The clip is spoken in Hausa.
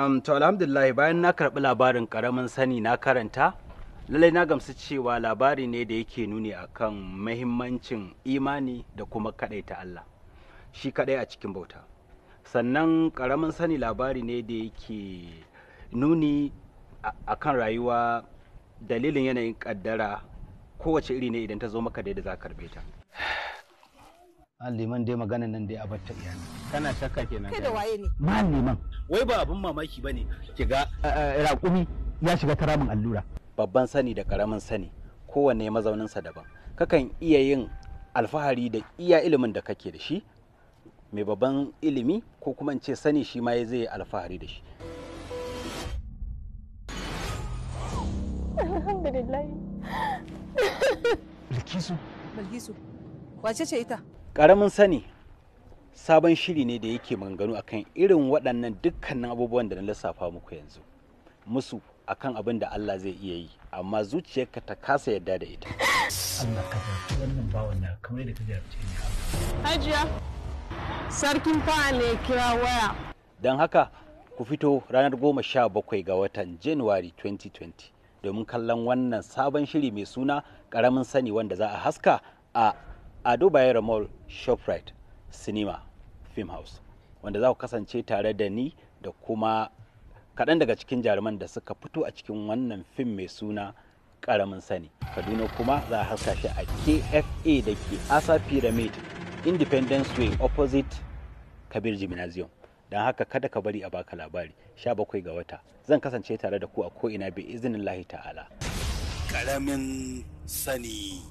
um, to alhamdulillah bayan na karɓi labarin ƙaramin sani na karanta lallai na gamsu cewa labari ne da yake nuni akan mahimmancin imani da kuma kaɗai ta Allah shi kaɗai a cikin bauta sannan ƙaramin sani labari ne da yake nuni akan rayuwa dalilin yanayin ƙaddara kowace iri ne idan ta zo maka da za ka karɓe ta. Liman dai maganan nan dai a batta iyali. kana shakka kenan kai da waye ne maliman wai ba abun mamaki bane kiga raƙumi ya shiga karamin allura babban sani da karamin sani kowanne mazauninsa daban kakan iya yin alfahari da iya ilimin da kake da shi mai babban ilimi ko kuma in ce sani shi ma zai yi alfahari da shi alhamdulillah bilkisu bilkisu wace ce ita karamin sani sabon shiri ne da yake maganganu akan irin waɗannan dukkanin abubuwan da na lissafa muku yanzu musu akan abin da Allah zai iya yi amma zuciyarka ta kasa yadda da ita Allah ka wannan na kamar da ka Hajiya sarkin fa kira waya don haka ku fito ranar goma sha bakwai ga watan January 2020 domin kallon wannan sabon shiri mai suna karamin sani wanda za a haska a Ado Mall Shoprite Cinema film house wanda za ku kasance tare da ni da kuma kaɗan daga cikin jaruman da suka fito a cikin wannan fim mai suna ƙaramin sani kaduna kuma za a haska shi a kfa da ke asa pyramid independence way opposite kabir gymnasium don haka kada ka bari a baka labari sha bakwai ga wata zan kasance tare da ku a ko'ina bi izinin lahi ta'ala ƙaramin sani